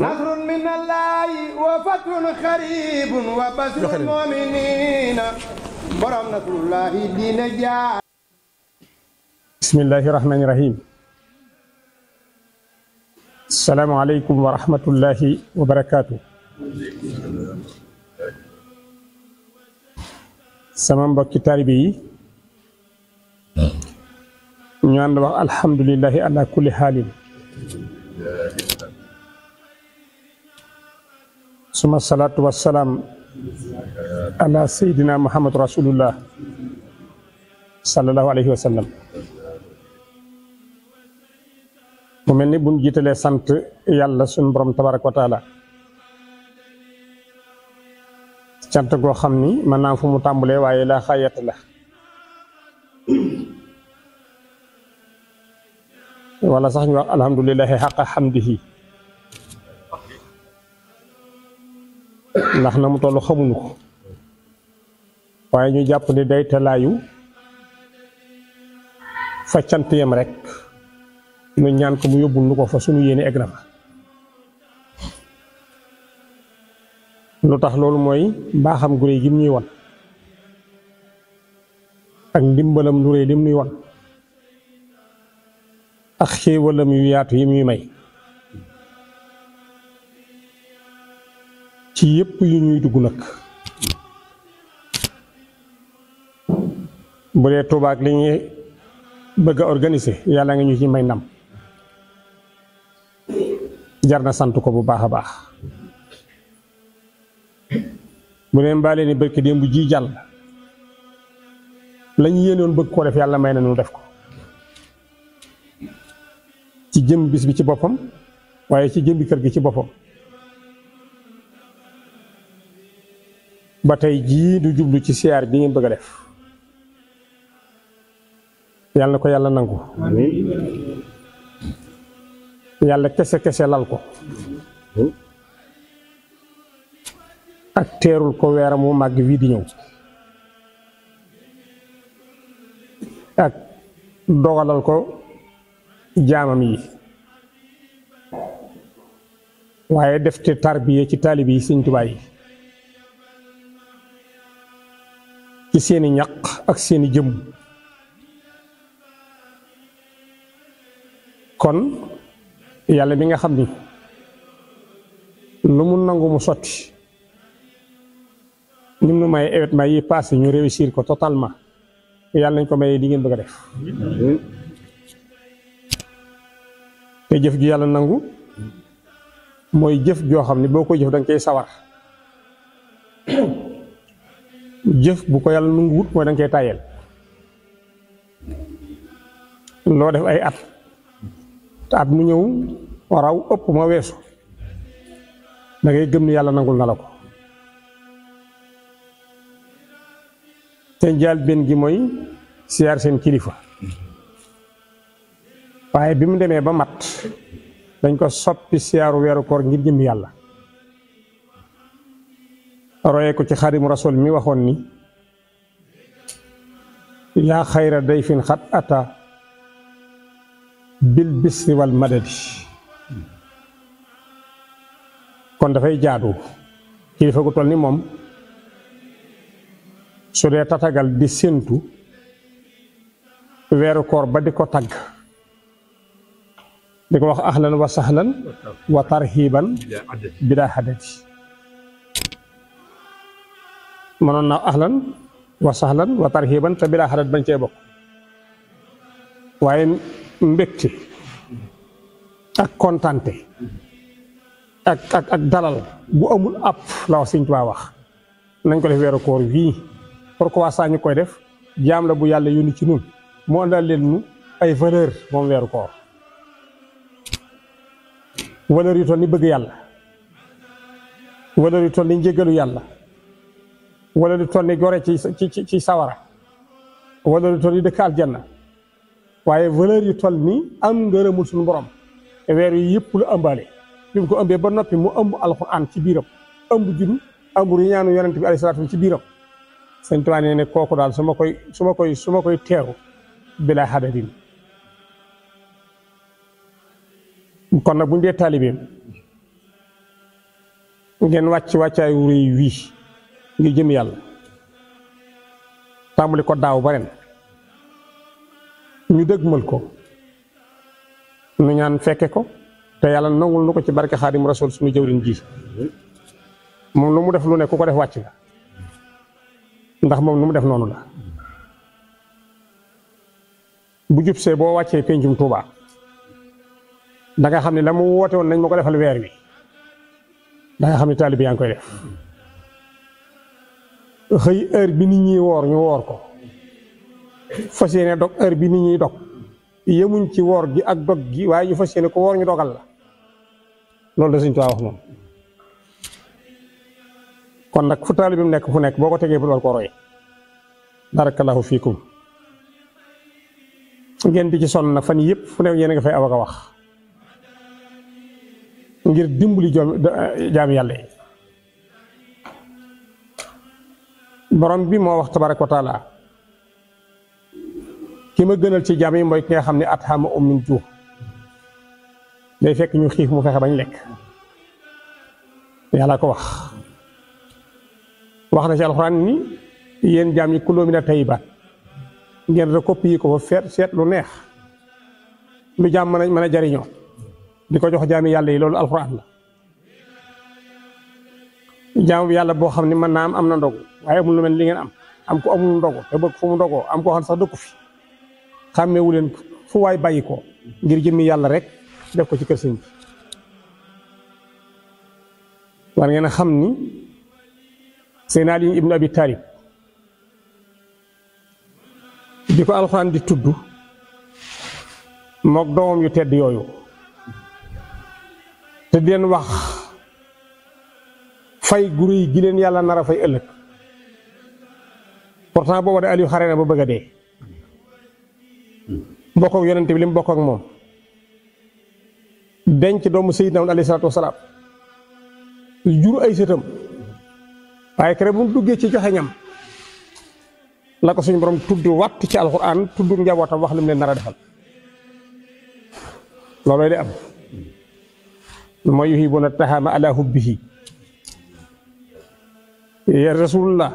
نصر من الله وفتح قريب وبشر المؤمنين برم الله دين جاء بسم الله الرحمن الرحيم السلام عليكم ورحمة الله وبركاته sama mbokki taalibe نعم الحمد لله على كل حال suma salatu wassalam ala sayyidina Muhammad Rasulullah sallallahu alaihi wasallam. sallam mu mel ni buñ jiitalee sant yàlla borom tabarak wa taala cant go xamni man na fu mu tambulé waye la khayat la wala sax ñu wax alhamdulillahi xaqa xamdihi ndax na mu toll xamuñu ko waaye ñu jàpp ni day talaayu fa cant yam rek ñu ñaan ko mu yóbbul nu ko fa suñu yéene egg na lu tax loolu mooy mbaaxam gu réy gi mu won ak ndimbalam lu réy li mu won ak xéewalam yu yaatu yi muy may ci yépp yu ñuy dugg nag bu dee Tuubaa li ñuy bëgg a organiser yàlla nga ñu ci may ndam jar na sant ko bu baax a baax bu dee mbaalee ni barki démb ji jàll lañ yéenoon bëgg koo def yàlla may na ñu def ko ci jëm bis bi ci boppam waaye ci jëmbi kër gi ci boppam ba tey jii du jublu ci siyaar bi ngeen bëgg a def yàlla na ko yàlla nangu yàlla kese kese lal ko ak teerul ko weeram mu màgg wii di ñëw ak dogalal ko jaamam yi waaye def te tarbiye ci taalib yi Sëñ Tuubaa yi ci seeni ñaq ak seeni jëmm kon yàlla bi nga xam ni lu mu nangu mu sotti ni mu may événement yi passé ñu réussir ko totalement yàlla nañ ko may di ngeen bëgg a def te jëf ju yàlla nangu mooy jëf joo xam ne boo koy jëf da koy sawar jëf bu ko yàlla nanguwut mooy da nga cee tayel loo def ay at te at mu ñëw raw ëpp ma weesu da ngay gëm ni yàlla nangul na la ko te njaal benn gi mooy siyaar seen kilifa waaye bi mu demee ba mat dañ ko soppi siyaaru weeru koor ngir jëm yàlla royee ko ci xadimu rasul mi waxoon ni yaa xayra dayfin xat ata bil bisri madadi kon dafay jaadu kilifa gu toll ni moom su dee tatagal di séntu weeru koor ba di ko tagg di ko wax ahlan wa sahlan wa tarhiban bila adadi manon na ahlan wa sahlan wa tarhiban te bilaa xarat ban cee bokk waaye ak kontante ak ak ak dalal bu amul app la wax Sëñ Tuubaa wax nañ ko def wéro koor wi pourquoi sa ñu koy def jaam la bu yalla yoni ci ñun mo andal leen ñu ay valeur mo weeru koor valeur yu bëgg yalla valeur yu ni wala lu toll ni gore ci ci ci sawara wala lu toll ni dëkk aljanna waaye valeur yi toll ni am ngërëmul suñu borom weer yi yëpp lu ëmbaale bi mu ko ëmbee ba noppi mu ëmb alxuraan ci biiram ëmb juddu ëmb ru ñaanu yonent bi alayhi ci biiram sëñ Tuubaa nee ne kooku daal su ma koy su ma koy teeru bilaa xadadin kon nag buñ dee taalibeem ngeen wàcc wàccaay wuréy wii ngir jëm yàlla tàmbali ko daaw ba ñu ñu dëgmal ko nu ñaan fekke ko te yàlla nangul nu ko ci barke xaadim rasul suñu jëwriñ ji moom lu mu def lu ne ku ko def wàcc la ndax moom lu mu def noonu la bu jubsee boo wàccee pencum Tuuba da xam ne la mu woote woon nañ ma ko defal weer wi da xam ne taalibe yaa ngi koy def xëy heure bi nit ñi woor ñu woor ko fas yéene dog heure bi nit ñuy dog yemuñ ci woor gi ak dog gi waaye ñu fas yéene ko woor ñu dogal la loolu da Sëñ Tuubaa wax moom kon nag fu taalibe bi mu nekk fu nekk boo ko tegee bu war ko roy barakallahu fiikum ngeen bi ci sonn nag fan yëpp fu ne yéen a nga fay awak wax ngir dimbali joom jaam yàlla borom bii moo wax tabaraka wa ki ma gënal ci jaam yi mooy ki nga xam ne at xama um min juu day fekk ñu xiif mu fexe bañ lekk yàlla ko wax wax na ci alxuraan ni yéen jaam yi kuloo mina tayyibaat ngeen rek kopp yi ko fa feet seet lu neex lu jaam mën a mën a jariñoo di ko jox jaami yàlla yi loolu alxuraan la jaamu yàlla boo xam ne mën naa am am na ndogu waaye amul lu mel li ngeen am am ko amul ndogu te bëgg fu mu ndogoo am koo xam sax dëkku fi xàmmeewu leen fu waay bàyyi ko ngir jëmmi yàlla rek def ko ci kër sëñ war ngeen xam ni seen Ali ibn Abi Talib di ko alxuraan di tudd mook doomam yu tedd yooyu te di wax fay guru rëy gi len yalla nara fay euleuk pourtant bo wadé Aliou xare na ba bëgg a dee ak yonente bi lim bokk ak mom denc doomu Seydina Aliou alayhi wasallam juru ay sëtam waye kéré bu duggé ci joxe la ko suñu borom tuddu wat ci tuddu njabota wax lim len nara defal lolay di am yuhibuna tahama ala hubbihi ya rasulullah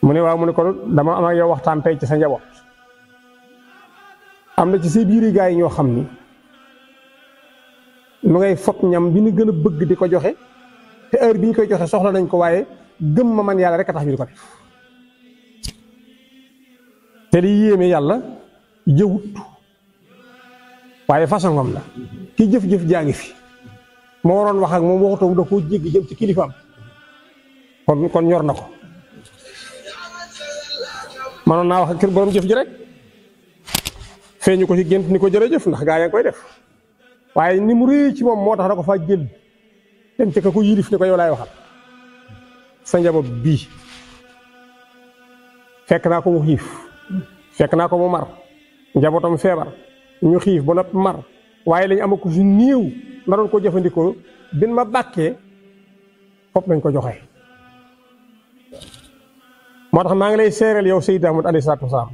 mu ne waaw mu ne ko dama am ak yow waxtaan tey ci sa njaboot am na ci si biiri gaa yi ñoo xam ni mu ngay fob ñam bi ñu gën a bëgg di ko joxe te heure bi ñu koy joxe soxla nañ ko waaye gëm ma man yàlla rek a tax ñu di ko def te li yéeme yàlla jëwut waaye façon am la ki jëf-jëf jaa ngi fi moo waroon wax ak moom waxutoo da koo jéggi jëm ci kilifaam kon kon ñor na ko manoon naa wax ak kër jëf ji feeñu ko ci gént ni ko jërëjëf ndax gaa yaa koy def waaye ni mu réy ci moom moo tax na ko faa jël dem ca ka ko yilif ni ko yow laay sa njaboot bii fekk naa ko mu xiif fekk naa ko mu mar njabootam feebar ñu xiif ba noppi mar waaye lañ am ko si néew ma ko jëfëndiko bin ma bàkkee fop nañ ko joxe moo tax maa ngi lay seereel yow Seydina Muhammad alayhi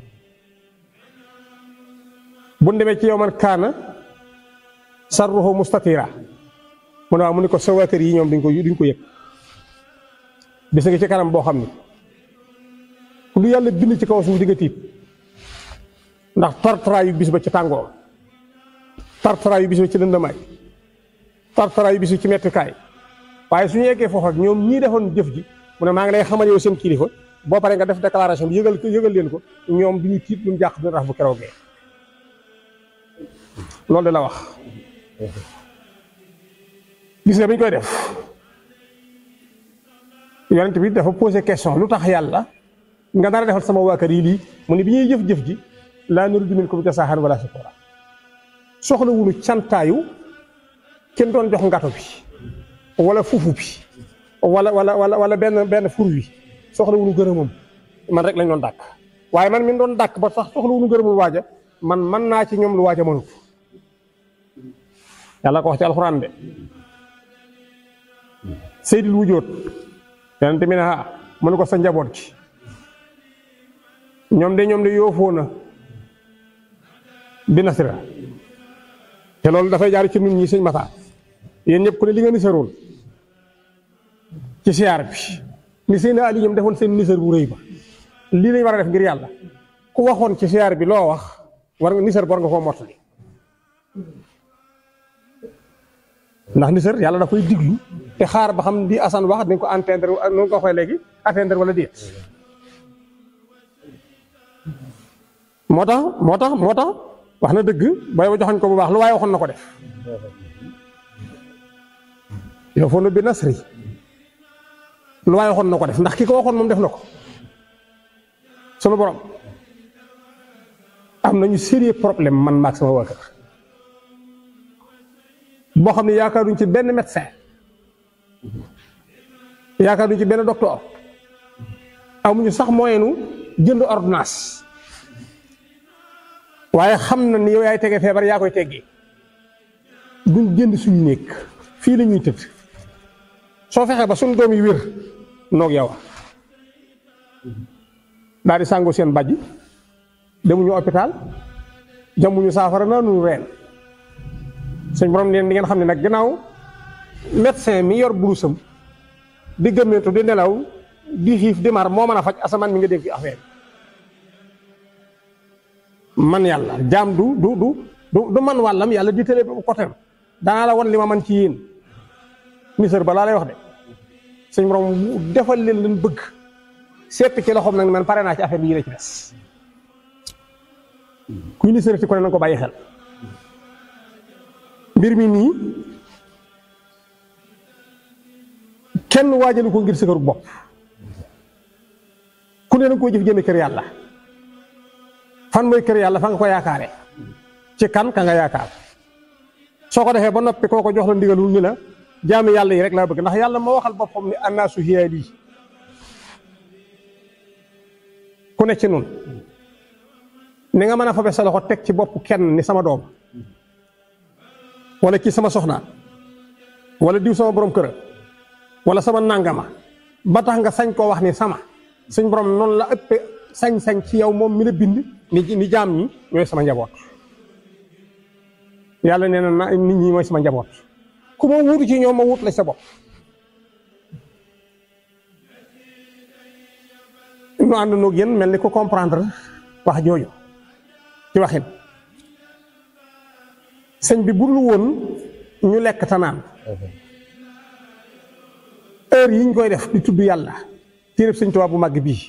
bu demee ci yow man kaana sarruhu mustatira mu ne waaw mu ne ko sa wakër kër yi ñoom duñ ko duñ ko yëg bis nga ci kanam boo xam ni lu yàlla bind ci kaw suuf di nga tiit ndax tartara yu bis ba ci tàngoor tartara yu bis ba ci lëndamaay tartara yu bisu ci mettukaay waaye suñu yeggee foofu ak ñoom ñii defoon jëf ji mu ne maa ngi lay xamal yow seen kilifa boo paree nga def déclaration bi yëgal yëgal leen ko ñoom du ñu tiit lu mu jàq dina tax bu keroogee loolu de la wax gis nga bi ñu koy def yonent bi dafa posé question lu tax yàlla nga dara defal sama waa kër yi lii mu ne bi ñuy jëf-jëf ji laa nuriidu minkum jazaahan wala shakuuraa soxla wunu cantaayu kin doon jox ngato bi wala fuufu bi wala wala wala wala benn benn fur wi soxlawuñu gërëmam man rek lañ doon dàkk waaye man min doon dàkk ba sax soxlawuñu gërëmul waaja man mën naa ci ñoom lu waaja mënut yàlla ko wax ci alxuraan de seydil wujoot yonente mi ne ah mu ko sa njaboot ci ñoom de ñoom de yoofoo na bi nasira te loolu dafay jaar ci nun ñi sëñ Mata yéen ñëpp ko ne li ngeen niseroon ci siyaar bi ni seen ali ñoom defoon seen niser bu rëy ba lii lañ war a def ngir yàlla ku waxoon ci siyaar bi loo wax war nga niser war nga koo mottali ndax niser yàlla da koy diglu te xaar ba xam di asan wax dañ ko entendre nu ko waxee léegi attendre wala déet moo tax moo tax moo tax wax na dëgg bay ba joxoñ ko bu baax lu waaye waxoon na ko def yafulu bi nasri lu waaye waxoon na ko def ndax ki ko waxoon moom def na ko sunu borom am nañu sérieux problème man maag sama waa kër boo xam ne yaakaaruñ ci benn médecin yaakaaruñ ci benn docteur amuñu sax moyenu jënd ordonnance waaye xam na ni yow yaay tege feebar yaa koy teggi duñ jënd suñu néeg fii la ñuy tëdd so fexé ba doomi wir nok yaw dari sangu sen badji demu ñu hôpital jamu ñu safara na nu reen señ borom neen di ngeen xamni nak ginaaw médecin mi yor brousam di gemetu di nelaw di xif di mar mo meuna faj asaman mi nga dégg affaire man yalla jam du du du du man walam yalla di télé côté na la won lima man ci yeen misère ba lay wax de suñ borom mu defal leen lañ bëgg seppi ci loxoom nag man pare naa ci affaire bi yéen ci des kuy ni sërëti ko ne na ko bàyyi xel mbir mi nii kenn waajalu ko ngir sëkkaru bopp ku ne na koo jëf jëme kër yàlla fan mooy kër yàlla fan nga ko yaakaare ci kan ka nga yaakaar soo ko defee ba noppi kooko jox la ndigalul ni la Jami yalla yi rek la bëgg ndax yalla ma waxal bopam ni annaasu hiya ku ne ci nun ni nga mëna fa bëssal sa tek ci bop kenn ni sama doom wala ki sama soxna wala diw sama borom kër wala sama nangama ba tax nga sañ ko wax ni sama suñ borom non la ëppé sañ-sañ ci yow mom mi la bind ni ni jam ni moy sama njabot yalla neena na nit ñi moy sama njabot ku ma wuutu ci ñoom ma wut la sa bopp nu ànd noog yéen mel ni ku comprendre wax jooju ci waxin sëñ bi bu woon ñu lekk tanaan heure yi ñu koy def di tudd yàlla téereb sëñ Tuubaa bu màgg bii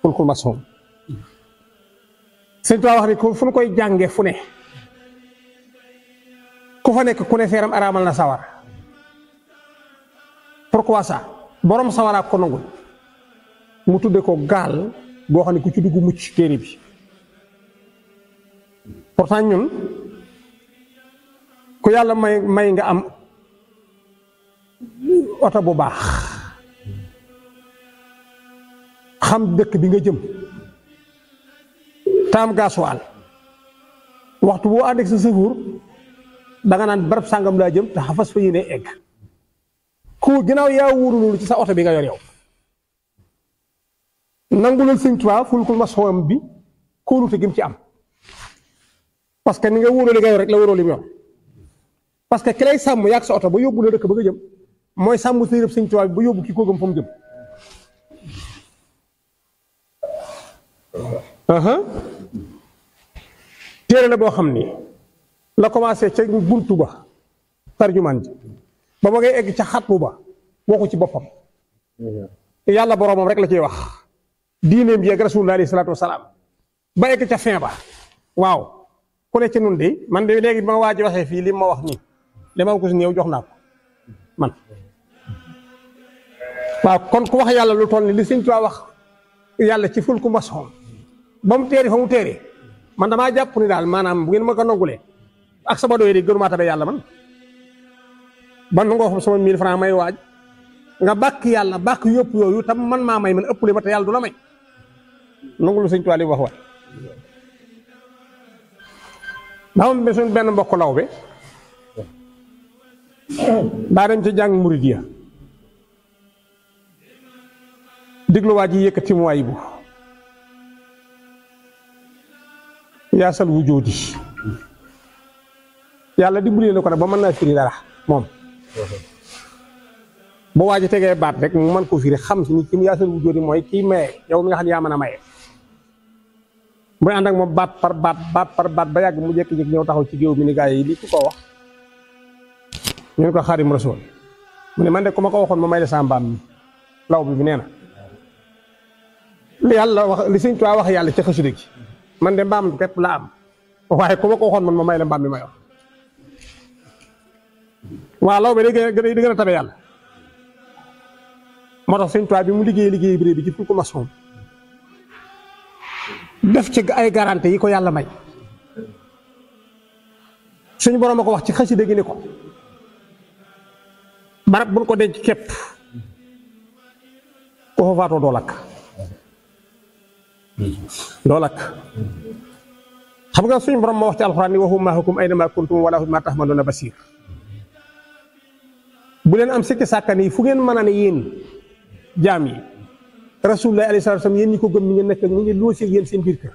fulkul masoom sëñ Tuubaa wax ni fu nu koy jànge fu ne ku fa nekk ku ne feeram araamal na sawar pourquoi ça borom sawaraab ko nangul mu tudde ko gaal boo xam ne ku ci diggu mucc téere bi pourtant ñun ku yàlla may may nga am oto bu baax xam dëkk bi nga jëm taam gaasuwaal waxtu boo ànd ak sa sëfuur da nga nan barap sangam la jëm te hafas fa yéene egg ku ginaaw yaa wuru lu ci sa auto bi nga yor yow nangulul sëñ Tuubaa fulkul masxoom bi kóolute gim ci am parce que ni nga wuru li nga yor rek la wóoroo li mu parce que kley sam yak sa oto ba yobul rek ba nga jëm moy sàmm sa seigne sëñ Tuubaa bi ba yóbbu ki ko gëm fam jëm téere la boo xam la commencé ca buntu ba tarjumaan ji ba ba ngay egg ca xatmu ba waxu ci boppam mm-hmm. yàlla boroomam rek la ciy wax diineem ji ak rasulullah alayhi salaatu wasalaam ba egg ca fin ba waaw ku ne ci nun de man de léegi ma waa ji waxee fii lii ma wax nii li ma ko si néew jox naa ko man waaw kon ku wax yàlla lu toll ni li Sëñ Tuubaa wax yàlla ci ful ku masoom ba mu teeri fa mu teeri man damaa jàpp ni daal maanaam bu ngeen ma ko nangulee ak sama doy di gënuma tabe yalla man man nga xam sama 1000 francs may waj nga bak yalla bak yop yoyu tam man ma may man epp li ma te yàlla may nangul lu sëñ tuwaali wax waay daam be sun ben mbokk law be ba dem ci jang ya. diglu waji yekati mu yalla dimbali lako ba man na firi dara mom bo waji tege bat rek mu man ko firi xam ci ni ki mu yaasal wu jóori mooy kii maye yow mi nga xam ya mana maye. ak mom bat par bat bat par bat ba yag mu jek jek ñew taxaw ci géew mi ni gaay yi lii ko wax. ñu ko xarim rasul mu ne man de kuma ko waxon ma may la sa mbaam law bi bi neena li yalla wax li seigne tuwa wax yalla ci de ci man de mbam képp la am waye kuma ko waxon man mo may la mbam mi may wax. waa law ba day gën a tabe yàlla moo tax sëñ Tuubaa bi mu liggéey liggéey bi bi ci pour ko masoom def ci ay garante yi ko yàlla may suñu borom a ko wax ci xasida gi ko barab buñ ko denc képp ku fa faatoo doo lakk doo lakk xam nga suñu borom moo wax ci alxuraan ni wa huwa ma'akum aynama kuntum wa laahu bimaa ta'maluuna basiir bu leen am sikki sàkkan yi fu ngeen mën a ne yéen jaam yi rasulullah alayhi salaatu salaam yéen ñi ko gëm mi ngeen nekk mu ngi loo si yéen seen biir kër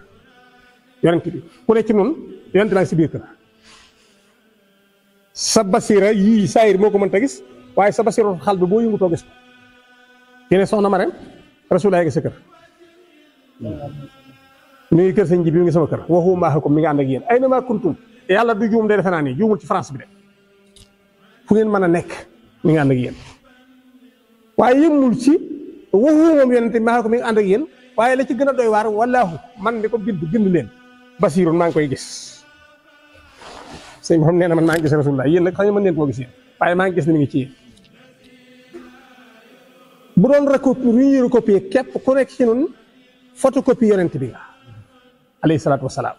yonent bi ku ne ci noonu yonent naa si biir kër sa basira yii saayir moo ko mënta gis waaye sa basira xal bi boo yëngutoo gis ko yéen soxna ma ren rasulullah gi sa kër mi ngi kër sëñ ji bi mi ngi sama kër waxu maaxa ko mi ngi ànd ak yéen ay na maa kuntum yàlla du juum de defe naa nii juumul ci France bi de fu ngeen mën a nekk mi ngi ànd ak yéen waaye yëmul ci waxu moom yonente bi maa ko mi ngi ànd ak yéen waaye la ci gën a doy waar walaahu man mi ko bind bind leen basirun maa ngi koy gis sëñ bi xam nee na maa ngi gis rasulullah yéen nag xam nga waaye maa ngi gis ne mi ngi ci yéen bu doon recopier lu ñuy recopier képp ku nekk ci ñun photocopie yonent bi alayhi salaatu wasalaam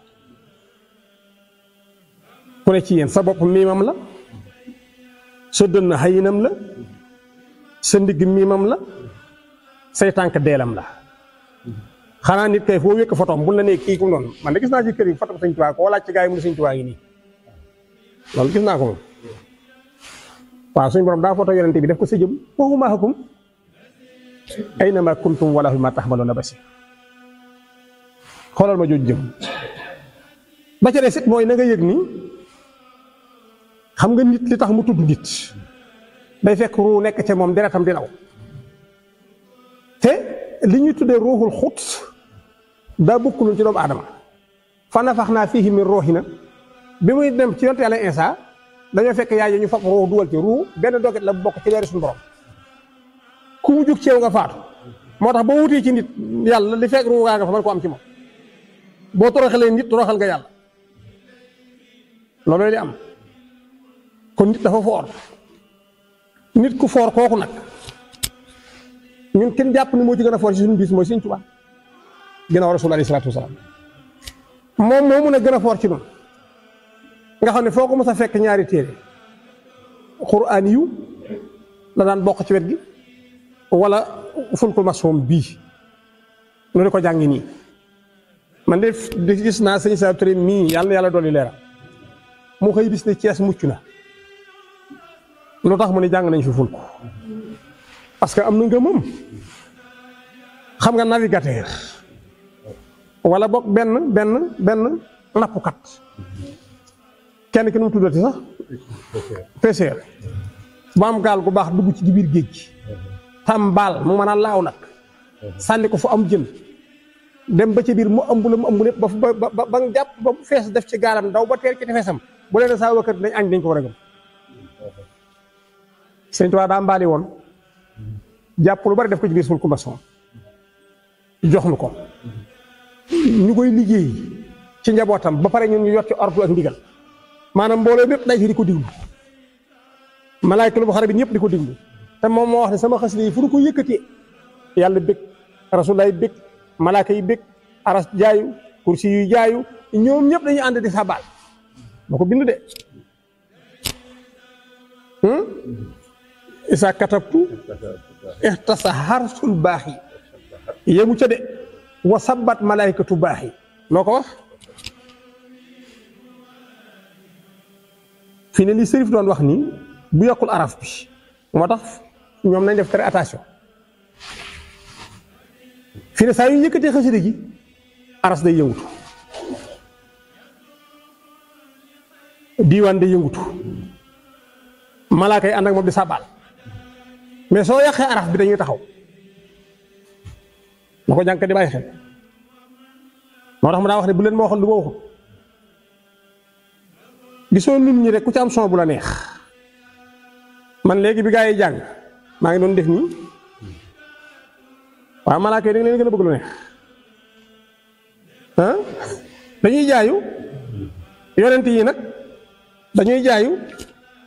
ku ne ci yéen sa bopp miimam la sa dënn xayinam la sa ndigg miimam la sey tànk deelam la xanaa nit kay foo wékk fotoom bu la nee kii ku noonu man de gis naa ci kër yi foto sëñ ko laaj ci gaa yi mu ne gis naa ko suñ borom daa foto yonente bi def ko si jëm waxuma xakum ay na ma kuntum wala ma taxmaloon a basi xoolal ma jooju jëm ba ca des mooy na nga yëg nii xam nga nit li tax mu tudd nit day fekk ruu nekk ca moom deretam di law te li ñuy tuddee ruuxul xut daa bokkul ci doomu aadama fa nafaxnaa mi min ruuhinaa bi muy dem ci yonent Yàlla Iisaa dañoo fekk yaay yi ñu fab ruux dugal ci ruux benn doget la bu bokk ci leeri suñu borom ku mu jug ci nga faatu moo tax boo wutee ci nit yàlla li fekk ruux gaa nga fa mën ko am ci moom boo toroxalee nit toroxal nga yàlla loolu li am kon nit dafa for nit ku for koku nak ñun kenn japp ni mo ci gëna for ci suñu bis mooy Sëñ Tuubaa ginnaaw rasul alayhi sallallahu alaihi wasallam mom mo a gën a foor ci noonu nga xam foko foo fekk ñaari téré qur'an yu la daan bok ci wet gi wala fulkul masum bi nu ko jàngi ni man def gis na sëñ Saab Ture mii yalla yàlla dolli mu xey bis ne Cees mucc na lu tax mu ne jàng nañ fi fulku parce que am na ngëmam xam nga navigateur walla boog benn benn benn nappkat kenn ki nu mu tuddati sax pêcheur ba am gaal gu baax dugg ci biir géej gi tam baal mu man a laaw nag sànni ko fu am jën dem ba ci biir mu ëmb la mu ëmb lépp ba ba ba ba nga jàpp ba mu fees def ci gaalam ndaw ba teer ci tefesam bu leen saa wakkat nañ añ dañ ko war a Sëriñ Tuubaa daa mbaali won japp lu bari def ko ci biir suul kumba son jox nu ko ñu koy liggey ci njabotam ba pare ñun ñu yott ci ordre ak ndigal manam mbolo bepp day fi di ko diglu malaayka lu bu bi ñëpp di diglu te mom mo wax ni sama xasida fu ko yëkkatee yalla bekk bekk malaika yi bekk aras jaayu kursi yu jaayu ñoom ñepp dañu and di Sabal. mako bindu de hmm isa katabtu ihtasa harful baahi yemu iya, ca de wa sabbat malaikatu ketubahi. noko wax fini li serif don wax ni bu yakul araf bi motax ñom nañ def très attention fini sa yu yëkkatee xëjëri gi aras day yëngutu diwan day yëngutu malaakai andak mom di mais soo yàqee araf bi dañuy taxaw ma ko jànk di bàyyi xel moo tax ma daa wax ne bu leen ma waxoon lu ma waxut gisoo nit ñi rek ku ci am son bu la neex man léegi bi gaa yi jàng maa ngi doon def nii waaw malaaka yi da nga leen gën a bëgg lu neex dañuy jaayu yonent yi nag dañuy jaayu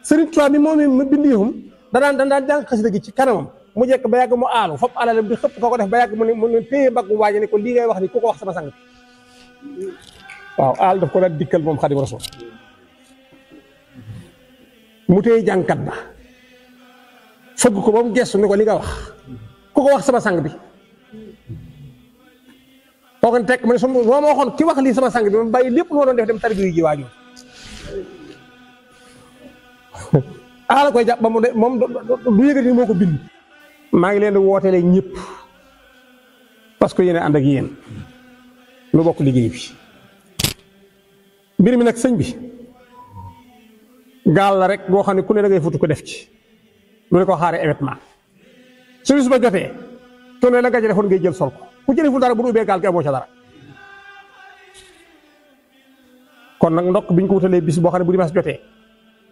Sëriñ Tuubaa mi moom mi ma bindihum Dan dan dan xasida gi ci kanamam mu jekk ba yàgg mu aalu fop alalam bi xëpp ko ko def ba yàgg mu mu ne ne ko ngay wax ni wax sama sang waaw aal daf ko daan dikkal moom xadim rasul mu téye jàngkat ba fëgg ko ba mu gestu ko li nga wax wax sama sang bi kooku tek mu ne su ki wax sama sang bi ma bàyyi lépp lu ma doon def dem tarbiyu ji ala koy jàpp mu de moom du yëgati moo ko bind maa ngi leen di wooteele ñëpp parce que yéen ànd ak yéen lu bokk liggéey bi mbir mi nag sëñ bi gaal la rek boo xam ne ku ne da ngay futu ko def ci lu ne ko xaaree événement su bis ba jotee ku ne la nga ci defoon ngay jël sol ko ku ci deful dara bu ubbee gaal gi amoo ca dara kon nag ndokk biñ ko wutalee bis boo xam ne bu dimanche jotee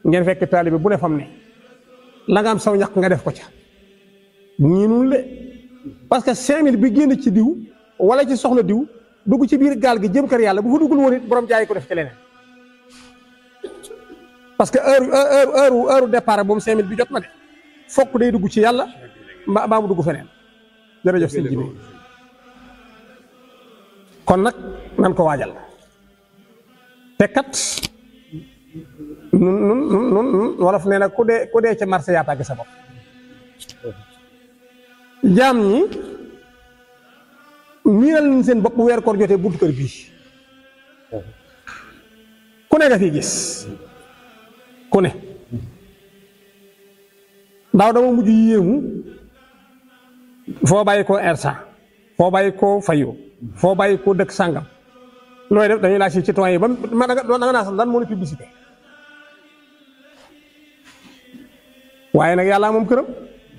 ngeen fekk taalibe bu ne fam ne la nga am saw ñaq nga def ko ca ñiinul le parce que cinq mille bi génn ci diw wala ci soxla diw dugg ci biir gaal gi jëm kër yàlla bu fa duggul woon borom jaay ko def ci leneen parce que heure heure heure heure départ moom cinq bi jot na de fokk day dugg ci yàlla mbaa mbaa mu dugg feneen jërëjëf sëñ Jibi kon nag nan ko waajal te kat nun nun nun nun wolof nee na ku dee ku dee ca marché yaa tàgg sa bopp jaam ñi miinal nañ seen bopp bu weer koor jotee buntu kër bii ku ne nga fi gis ku ne daaw dama mujj yéemu foo bàyyi ersa foo bàyyi koo fayu foo bàyyi koo dëkk sàngam looy def dañuy laaj si citoyen yi ba ma da nga naa sax lan moo ne publicité waye nak yalla mom këram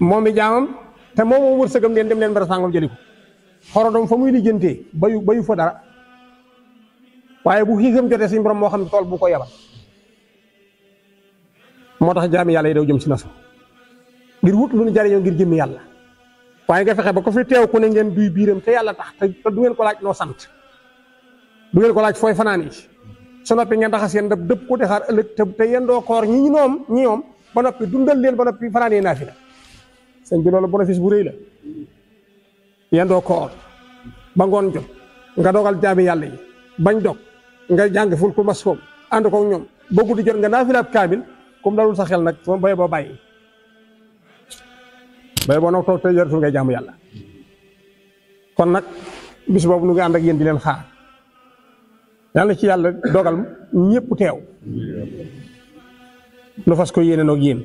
moom i jaamam te segem mo wërsëgam leen dem leen bara sàngam jëliko xorodom fa muy bayu bayu fa dara waye bu xiifam jotté suñ borom mo xam tol bu ko yabal motax tax jaami yàlla yi daw jëm ci nasu ngir wut lu ñu jariñoo ngir jëm yalla waye nga fexé ba ko fi teew ku ne ngeen duy biiram te yalla tax te du ngeen ko laaj no sant du ngeen ko laaj foy fanani ngeen taxas yeen dëpp dëpp ko te koor ñi ñoom ñi ñoom ba noppi dundal leen ba noppi fanaanee naafila sëñ bi loolu bénéfice bu rëy la doo koor ba ngoon jot nga dogal jaami yàlla yi bañ dog nga jàng ful ku mas koom ànd ko ñoom ba guddi jot nga naafilaab kaamil comme dalul sa xel nag moom ba boo bàyyi bay boo nag toog te jaratul ngay jaamu yàlla kon nag bis boobu nu ngi ànd ak yéen di leen xaar yàlla ci yàlla dogal ñëpp teew nu fas ko yéene noog yéen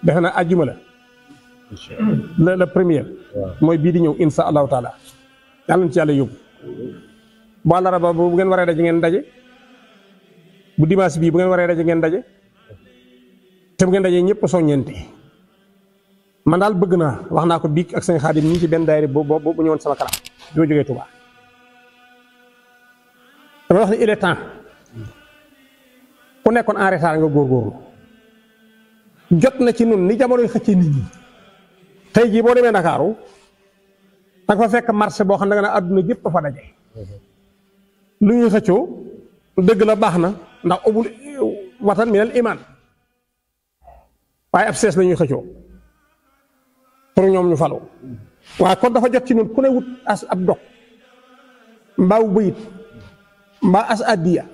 defe naa àjjuma la. la la première. mooy bii di ñëw insha allahu taala. yàlla na ci yàlla yóbbu. bu àllarba bu ngeen waree daje ngeen daje. bu dimanche bii bu ngeen waree daje ngeen daje. te bu ngeen dajee ñëpp soññeente. man daal bëgg naa wax naa ko biig ak sëñ Xaadim ñu ci benn daayira bo bo bu ñëwoon sama kanam bi ma jógee Touba. dama wax ni il est temps. Hmm. ku nekkoon en retard nga góorgóorlu. jot na ci nun ni jamono xëcce nit ñi tay ji bo demee dakaru da fa fekk marché bo xam nga ne àdduna fa dajé lu ñu xëccoo dëgg la baxna na ndax ubul watan minal iman way abses sees la ñuy xëccoo pour ñom ñu falo wa ko dafa jot ci nun ku ne wut as ab dog mbaaw bëyit mba as adiya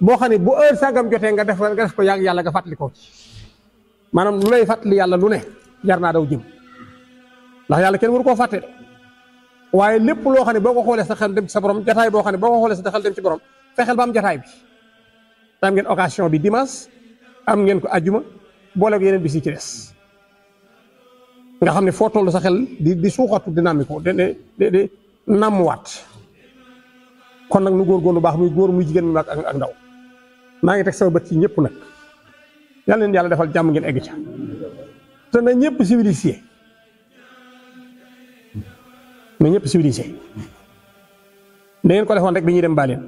bo xam bu heure sàngam jotee nga def nga def ko yàgg yalla nga fatlikoo ci maanaam lu lay fàttali yàlla lu ne jar naa daw jëm ndax yàlla kenn waru koo fàtte waaye lépp loo xam ne boo ko xoolee sa xel dem ci sa borom jataay boo xam ne boo ko xoolee sa xel dem ci borom fexeel ba am jataay bi am ngeen occasion bi dimanche am ngeen ko ajjuma boole yeneen bi yi nga xam ne foo toll sa xel di di suuxatu dynamique ko de de de nammuwaat kon nag nu góor góor lu baax muy góor muy jigéen mu mag ak ndaw maa ngi teg sama bët ci ñëpp nag yal leen yàlla defal jàmm ngeen egg ca te na ñëpp civilisé na ñëpp civilisé da ngeen ko defoon rek bi ñuy dem baaleen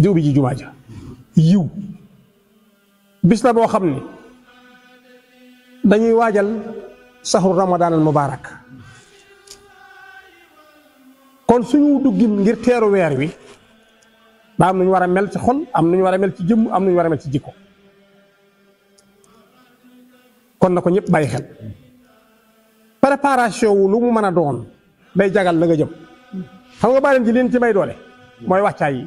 di ubbi ji jumaa ja yiw bis la boo xam ne dañuy waajal saxur ramadan al mubarak kon suñu duggin ngir teeru weer wi daa am nañu war a mel ci xol am nañu war a mel ci jëmm am nañu war a mel ci jikko kon na ko ñëpp bàyyi xel préparation wu lu mu mën a doon day jagal la nga jëm xam nga bàyyi leen ci leen ci may doole mooy wàccaay yi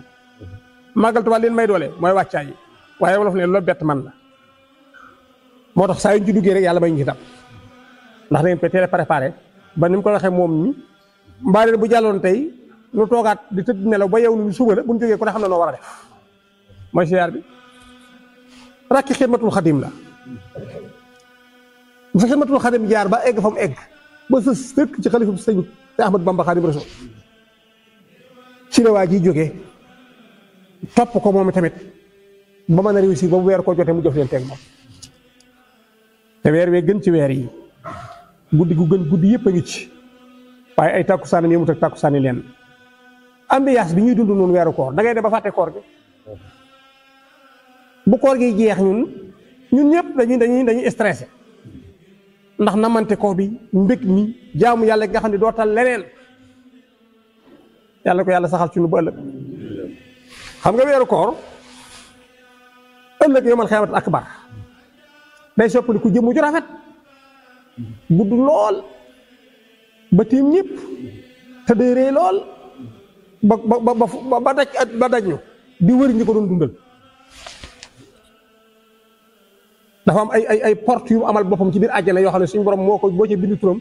màggal Tuubaa leen may doole mooy wàccaay yi waaye wolof leen loolu bett man la moo tax saa yu ñu ci duggee rek yàlla may ñu ci dam ndax da ngeen koy teel a ba ni mu ko waxee moom ñi mbaa bu jàlloon tey nu toogaat di tëdd nelaw ba yow lu suba la bu ñu jógee ku ne xam na noo war a def mooy siyaar bi rakki xidmatul xadim la bu fi xidmatul khadim jaar ba egg fam egg ba sës sëkk ci xalifa sëñ te Ahmad Bamba khadim Rasul ci la waji joge top ko momi tamit ba mën a ci ba wer ko koo jotee mu jox leen teeg moom te wer we gën ci wer yi guddi gu gën guddi yëpp ngi ci waaye ay tàkkusaanam tak ak tàkkusaani leen ambiance bi ñuy dund non wer ko da ngay de ba fàtte koor gi bu koor gi jeex ñun ñun ñëpp dañuy dañuy dañuy stressé ndax namante ko bi mbég mi jaamu yàlla gi nga xam ne doo tal leneen yàlla ko yàlla saxal ci nu ba ëllëg xam nga weeru koor ëllëg yomal xeemat akbar day soppali ku jëmm ju rafet gudd lool ba tiim ñëpp te day rëy lool ba ba ba ba daj ba daj di wër ñi ko doon dundal dafa am ay ay port yu mu amal boppam ci biir àjjana yoo xam ne suñu borom moo ko boo ca bind turam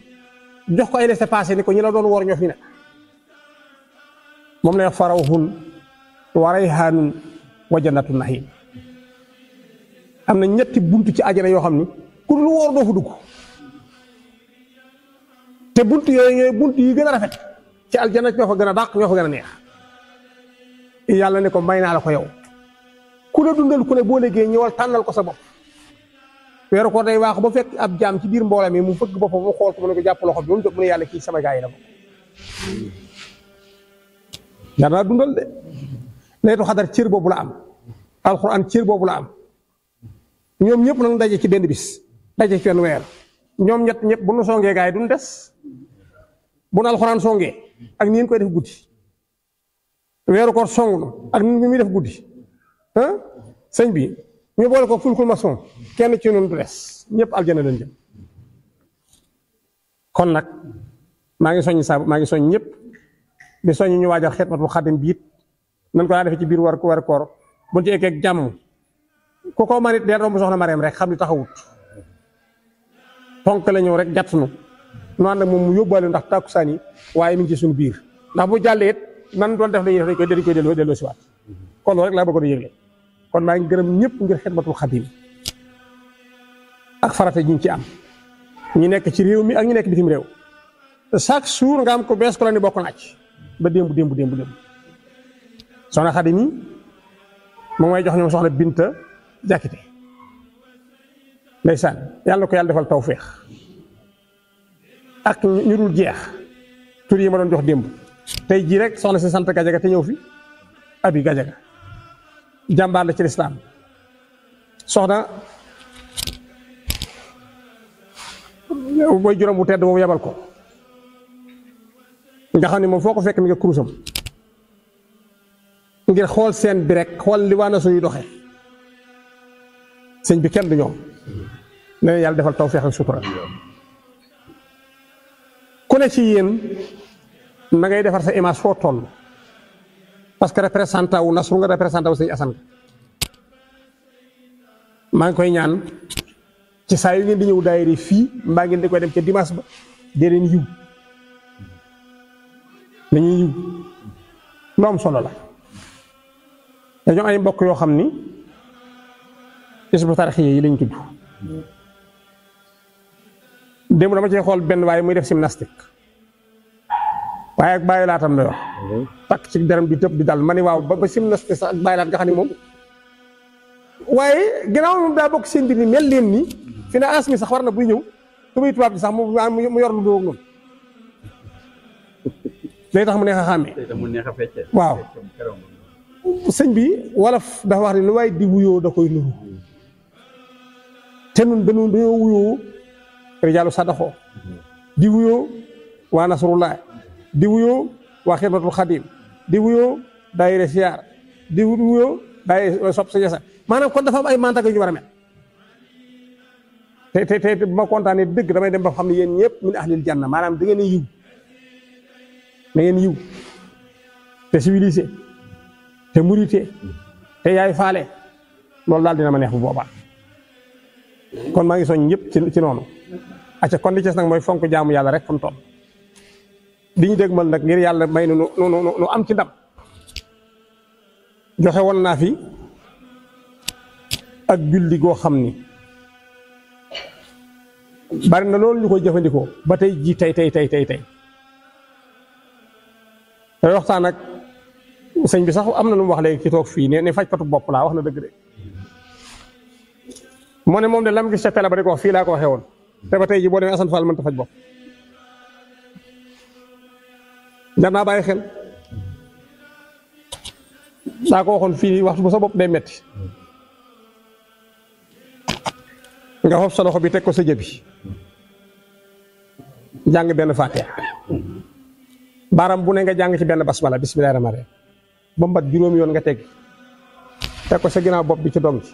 jox ko ay laissez-passer ni ko ñi la doon wor ñoo fi ne moom lay farawhun wa rayhanun wa jannatu nahim am na ñetti bunt ci àjjana yoo xam ni ku dul woor doo fa dugg te bunt yooyu ñooy bunt yi gën a rafet ci aljana ñoo fa gën a dàq ñoo fa gën a neex yàlla ne ko may naa la ko yow ku la dundal ku ne boo léegi ñëwal tànnal ko sa bopp weeru koor day waax ba fekk ab jaam ci biir mbooloo mi mu fëgg boppam mu xool ko mu ne ko jàpp loxo bi ba mu jóg mu ne yàlla kii sama gaay la ko yàlla dundal de laytu xadar cër boobu la am alxuraan cër boobu la am ñoom ñëpp nañu daje ci benn bis daje ci benn weer ñoom ñett ñëpp bu nu songee gaay duñ des bu nu alxuraan songee ak ni ngeen koy def guddi weeru koor song ak ni muy def guddi ah sëñ bi. ñu boole ko fulkul maçon kenn ci noonu du des ñëpp aljana lañ jëm kon nag maa ngi soññ saabu maa ngi soññ ñëpp di soññ ñu waajal xidmatul xadim bi it nañ ko daa defee ci biir war war koor buñ ci ekkeeg jàmm ku ko manit deel romb soxna Mariam rek xam ni taxawut ponk la ñëw rek jàttanu nu ànd ak moom mu yóbbaale ndax tàkkusaan yi waaye mi ngi suñu biir ndax bu jàllee it doon def lañuy def dañ koy dañ laa kon maa ngi gërëm ñëpp ngir xidmatul xadim ak farata ji ci am ñu nekk ci réew mi ak ñu nekk bitim réew chaque jour nga am ko bees ko la ni bokk naa ci ba démb démb démb démb soxna xadim yi moom may jox ñoom soxna Binta Jakite ndeysaan yàlla ko yàlla defal tawféex ak ñu dul jeex tur yi ma doon jox démb tey ji rek soxna si sant Gajaga te ñëw fi abi Gajaga jàmbaar la ci lislaam soxna booy juróom bu tedd boobu yabal ko nga xam ne moom foo ko fekk mi nga kurusam ngir xool seen bi rek xool li waa na suñuy doxe sëñ bi kenn du ñoom ne yàlla defal tawfeex ak sutura ku ne ci yéen na ngay defar sa image foo toll parce que représentant wu nasru nga représentant wu sëñ asan ma ngi koy ñaan ci sa yu ngeen di ñew daayira fi ma ngeen di koy dem ci dimanche ba de len yu dañuy yu lu am solo la dañu ay mbokk yo xamni isbu tarikh yi lañ tudd démb dama ci xol ben way muy def gymnastique waaye ak bàyyi laatam la wax mhm. takk ci deram di tëb di dal ma ni waaw ba ba sim nas sax ak bàyyi nga xam ne moom waaye ginnaaw moom daa bokk seen mbir ni mel leen ni fi na ans sax war na buy ñëw su muy tubaab bi sax mu yor lu doog noonu day neex a xàmmee waaw sëñ bi wolof dafa wax ne lu waaye di wuyoo da koy nuru te nun dañu dañoo wuyoo rijaalu sadaxoo mhm. di wuyoo waa nasrullaah di wuyoo waa xidmatul xadim di wuyoo daayira siyaar di wuyoo daayira sopp sa jasa maanaam kon dafa am ay mantaga ñu war a mel te te te bu ma kontaanee dëgg damay dem ba xam ne yéen ñëpp a ahlil janna maanaam da ngeen yiw da ngeen yiw te civilisé te murité te yaay faale loolu daal dina ma neex bu boobaa kon maa ngi soñ ñëpp ci ci noonu acca kon li ci des nag mooy fonk jaamu yàlla rek fu mu di ñu dégmal nag ngir yàlla may nu nu nu am ci ndam joxe woon naa fi ak julli goo xam ni bari na loolu ñu koy jëfandikoo ba tey jii tey tey tey tey tey tey waxtaan ak sëñ bi sax am na lu mu wax léegi ci toog fii ne ne fajkatu bopp laa wax na dëgg de moo ne moom de lam ca télé ba di ko wax fii laa ko waxee woon te ba tey jii boo demee Assane Fall mënta faj bopp dana baye xel daa ko xon fi waxtu bu sa bop day metti nga xof sa loxo bi teg ko sa jebi jang ben fatiha baram bu ne nga jang ci ben basmala bismillahir rahmanir rahim ba mbat juróom yon nga tek tek ko sa ginaaw bop bi ci dom ci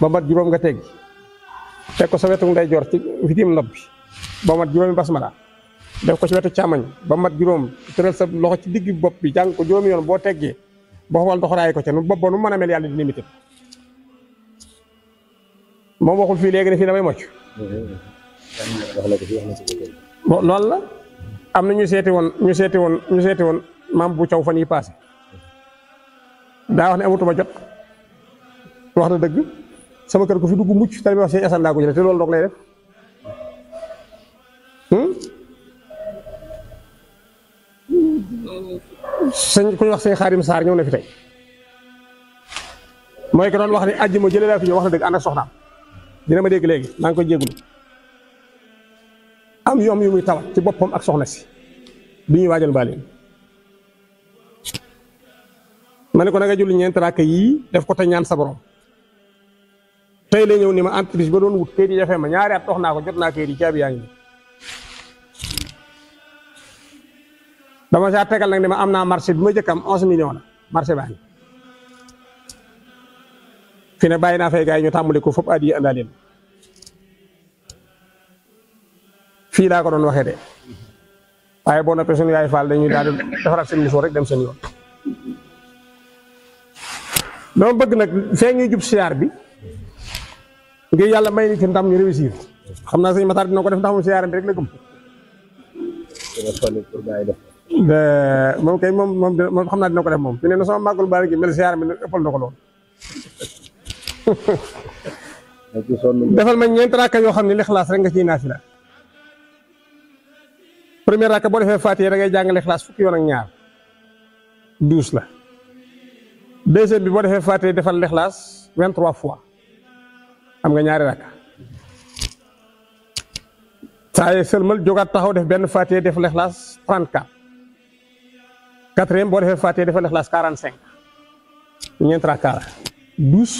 ba mbat nga tek tek ko sa wetu jor ci fitim nopi ba mbat basmala def ko ci wetu chamagn ba mat juróom tëral sa loxo ci digg bop bi jang ko juróomi yoon boo teggee boo xawal doxaraay ko ci nu bop bo nu mën mel yalla di limité moom waxul fi léegi ne fi damay mocc lol la amna ñu seeti won ñu seeti won ñu seeti won mam bu ciow fan yi passé da wax ni amutuma jot wax na deug sama kër ko fi dugg mucc tali wax ci asan ko jële té lol doog lay def sëñ kuy wax sëñ xaarim saar ñëw na fi tey mooy ko doon wax ne àjji ma jëlee laa wax na dëgg ànd ak dina ma dégg léegi maa ngi koy yoom yu muy tawat ci boppam ak soxna si bi ñuy waajal ma ne ko na nga julli ñeenti yii def ko te ñaan sa borom tey la ñëw ni ma entreprise ba doon wut kayit yi jafe ma naa ko jot naa kayit yi caabi yaa ngi dama saa tegal nag ne ma am naa marché bi ma jëkk am onze millions la marché baa ngi fi ne bàyyi naa fay gars yi ñu tàmbali ko foofu addi àndaale ma fii laa ko doon waxee de waaye boo noppee suñu yaay dañuy daal di defaraat seen dem seen yoon. bëgg nag fee ñuy jub siyaar bi ngir yàlla may ni ci ndam ñu réussir xam naa sëñ Matar dina ko def ndax mu siyaar bi rek la moom kay moom moom xam naa dina ko def moom fi ne na sama màggalu baal gi mel siyaar mi ëppal na ko lool defal ma ñeent rakka yoo xam ne lixlaas rek nga ciy naafila première rakka boo defee Faatiha da ngay jàng lixlaas fukki yoon ak ñaar douze la deuxième bi boo defee Faatiha defal lixlaas vingt fois am nga ñaari rakka saa yee sëlmal jógaat taxaw def benn Faatiha def lixlaas trente quatrième boo defee fàttee defal ixlaas quarante cinq ñeent rakkaa la douze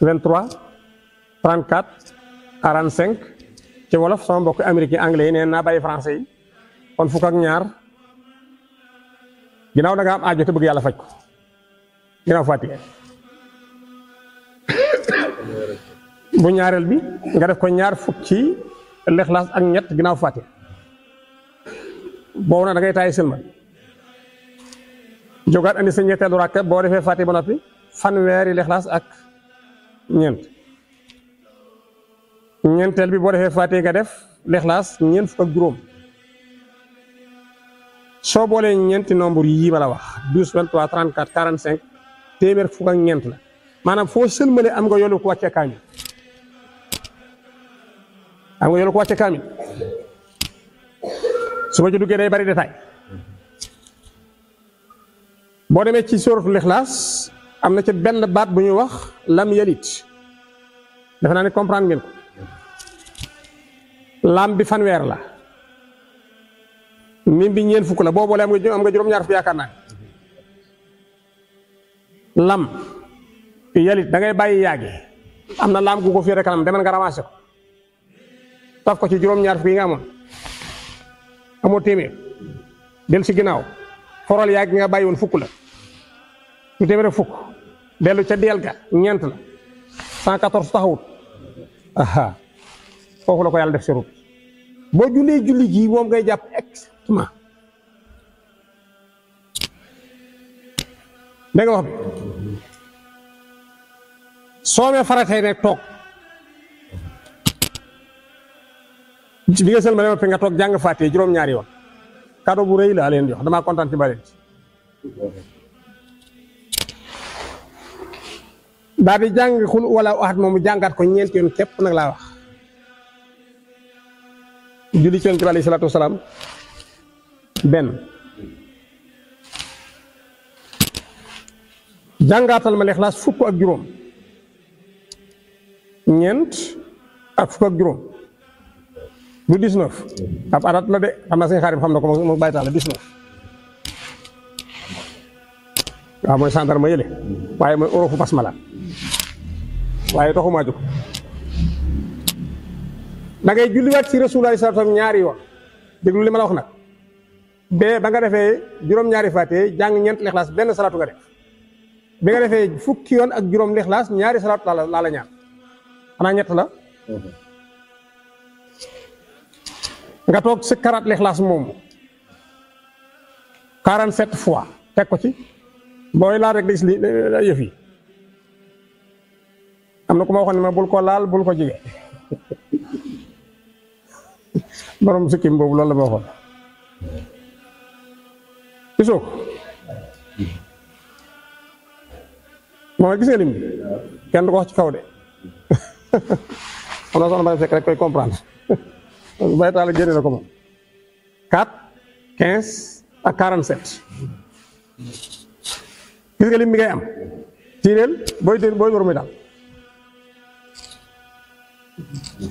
vingt trois trente ci wolof sama mbokk américain anglais yi neen naa bàyyi français yi kon fukk ak ñaar ginnaaw da nga am aajo te bëgg yàlla faj ko ginnaaw fàttee bu ñaareel bi nga def ko ñaar fukk ci lixlaas ak ñett ginnaaw fàttee boobu nag da ngay taay silmal jogat andi sa ñettelu rak bo defé fatima nopi fan wéri l'ikhlas ak ñent ñentel bi bo defé fatima nga def l'ikhlas ñeent fukk groom so soo boolee ñeenti nombre yi ma wax 12 23 34 45 témer fukk ak ñent la manam fo sëlmale am nga yollu ko wacce kañu am nga yollu ko wacce kañu su ci duggé day bari détail bo demé ci suratul ikhlas am na benn baat buñu wax lam yalit dafa na ne comprendre ngeen ko lam bi wer la mim bi ñeen fuk la bo boolee am nga am nga juroom ñaar fu yaakaar naa lam yalit da ngay bayyi yaagi am na gu ko fi rekalam demal nga ramassé ko taf ko ci juroom ñaar fu nga amon amo del si ginaaw xoral yaa nga bayiwon fukk la ñu téeméer fukk dellu ca deel ga ñent la 114 quatorze aha foofu la ko yàlla def ci ruub bo julé julli ji moom ngay jàpp exactement dégg nga wax bi soomee faratee nekk toog bi nga sel ma sëlma fi nga toog jàng fàttee juróom-ñaari yoon cadeau bu rëy laa leen jox damaa kontaan ci mbalit daa di jàng xul wala waxat moomu jàngaat ko ñeenti yoon képp nag laa wax julli ci yonent ma lixlaas ak juróom ñeent ak fukk ak juróom du 19 ap adat la de am na seen xarit xam na ko mu bàyyi taal la 19 moy santar sandarma yële waye moy orofu basmala waaye taxumaa jóg da ngay wat ci rasulullah sallallahu alaihi wasallam ñaari yoon déglu li wax nak be ba nga defee juróom-ñaari faté jang ñent l'ikhlas ben salatu nga def bi nga defee fukki yon ak juróom l'ikhlas ñaari salatu la la ñaan ana ñett la mhm. nga toog si karaat laas moomu quarante sept fois teg ko ci booy laal rek di li yëf am na ku ma waxoon ne ma bul ko laal bul ko jige borom sikkim boobu lool la ma waxoon gisoo ko moom gis lim kenn du ko wax ci kaw de xam naa soxna Mbaye Seck rek koy comprendre Baye Talla génne na ko moom 4 15 ak 47. gis nga lim bi ngay am tiireel booy tiir booy dóor muy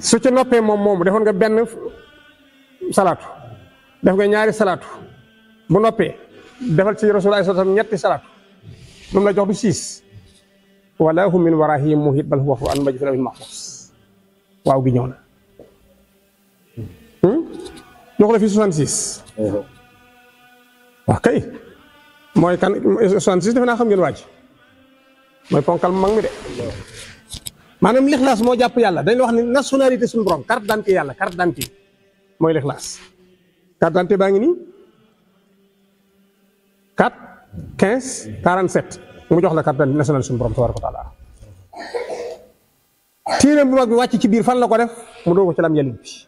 su ci noppee moom moomu defoon nga benn salaatu def nga ñaari salaatu bu noppee defal ci Rasulullah sallallahu alayhi wasallam ñetti salaatu lu mu la jox du siis walaahu min waraahim muhiit bal huwa an majfiratin mahfuus waaw gi ñëw na ñoo ko 66. wax kay mooy kan 66 defe naa xam ngeen waaj mooy ponkal mag mi de maanaam lixlaas moo jàpp yàlla dañ la wax ne nationalité suñu borom carte d'identité yàlla carte d'identité mooy lixlaas carte d'identité baa ngi nii 4 15 47 mu jox la carte d'identité nationale suñu borom tabaraka taala téeréem bu mag bi wàcc ci biir fan la ko def mu doo ko ci lam bi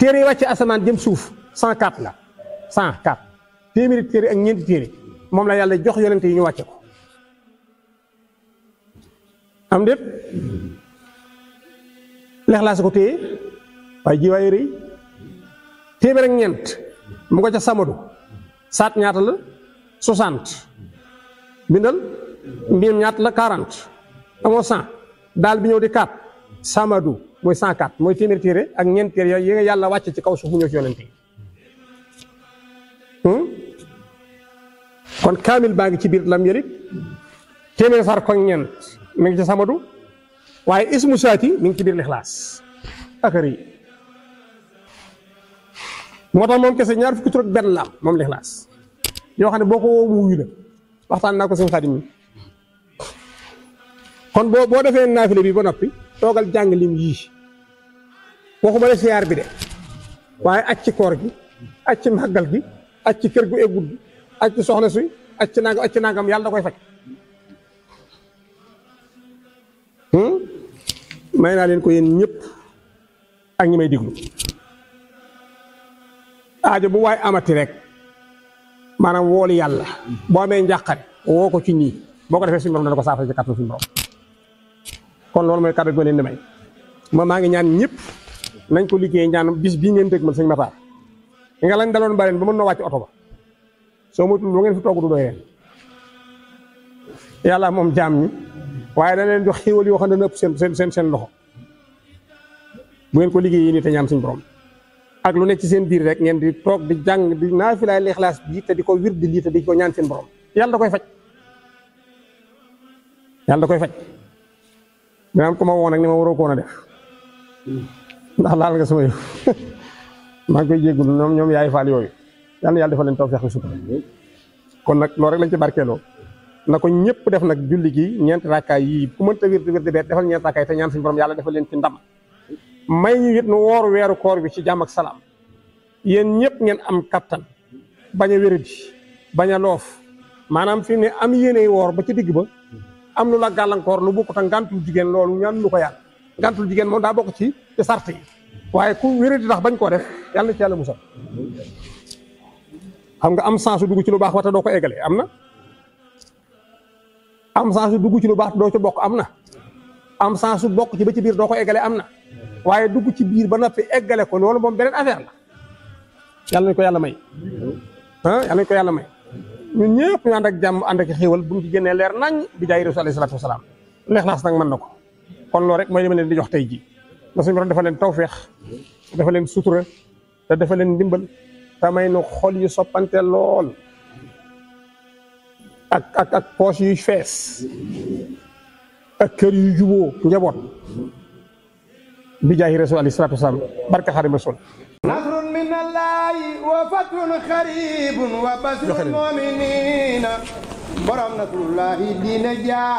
téere yi wàcce asamaan jëm suuf 104 la 104 téeméeri téere ak ñeenti téere moom la yàlla jox yonente yi ñu wàcce ko am déet lexlaas ko téye waaye jiwaay rëy téeméer ak ñeent mu ko ca samadu saat ñaata la 60 bindal mbiim ñaata la 40 daal bi ñëw di 4 samadu moy 104 moy témir téré ak ñeent téere yi nga yalla wacc ci kaw suñu ñu yonenté hmm kon kamil baangi ci bir lam yelit téeméer far ko ñen mi ngi ci samadu waye ismu shati mi ngi ci bir l'ikhlas akari yi mom kessé ñaar fukk turuk ben lam mom l'ikhlas yo lixlaas boko wo mu wuyu la waxtan naa ko seen xadim kon bo bo defé nafilé bi ba noppi toogal jàng lim yii waxuma la siyaar bi de waaye aj ci koor gi aj ci gi aj ci kër gu eggul gi aj ci soxna si aj ci nangam aj ci yàlla da koy faj hmm? may naa leen ko yéen ñëpp ak ñi may diglu aajo bu waay amati rek maanaam woolu yàlla boo amee njàqare woo ko ci nii boo ko defee suñu na dana ko saafara ci kàttan suñu kon lool moy kàddu gi ma leen may ma ngi ñaan ñëpp nañ ko liggéey ñaan bis bi ngeen dégg man señ mata nga lañ daloon bari ba mëno wacc auto oto ba soo moytuwul lu ngeen fi togg du doy yalla mom jam jaam ñi waaye da leen jox xéewal yo xam nepp seen seen seen seen loxo bu ngeen ko liggéey nii te ñaan señ borom ak lu nekk ci seen biir rek ngeen di tok di jang di nafila ikhlas bi te di ko li di te di ñaan seen borom yalla da koy fajj yalla da koy fajj mais am ku woo nag ni ma waroo koon a ndax laal nga sama maa ngi koy jégalu ñoom ñoom yaay faal yooyu yal na yàlla defal leen tawfeex ak sutura kon nag loolu rek lañ ci barkeeloo na ko ñëpp def nag julli gi ñeenti rakkaay yii ku mënta wirdi wirdi defal ñeenti rakkaay te ñaan suñu borom yàlla defal ci ndam may ñu it nu woor weeru koor bi ci jàmm ak salaam yéen ñëpp ngeen am kattan bañ a wéradi bañ a loof maanaam fi ne am yéene woor ba ci digg ba am lu la gàllankoor lu bokkut ak ngàntul jigéen loolu ñaan lu ko yàlla ngàntul jigéen moom daa bokk ci ci sart yi waaye ku wéradi bañ koo def yàlla na ci yàlla musal nga am sensu dugg ci lu baax wata doo ko eggalee am na am sensu dugg ci lu baax doo ci bokk am na am sensu bokk ci ba ci biir doo ko eggalee am na waaye dugg ci biir ba noppi eggale ko loolu moom beneen affaire la yàlla nañ ko yàlla may ah ko yàlla may ñun ñepp ñu ànd ak jàmm ànd ak xewal buñu ñu leer nañ bi jaay rasul alayhi salaatu wasalaam leex naas nag mën na ko kon lo rek moy li di jox tay ji na suñu dafa len tawfiq dafa len sutura da dafa len dimbal ta may no xol yu sopante lol ak ak ak poche yu fess ak keur yu jubo njabot bi jaay rasul alayhi salaatu wasalaam barka xaarim rasul من الله وفتح خريب وبشر المؤمنين برمنا الله دين جاه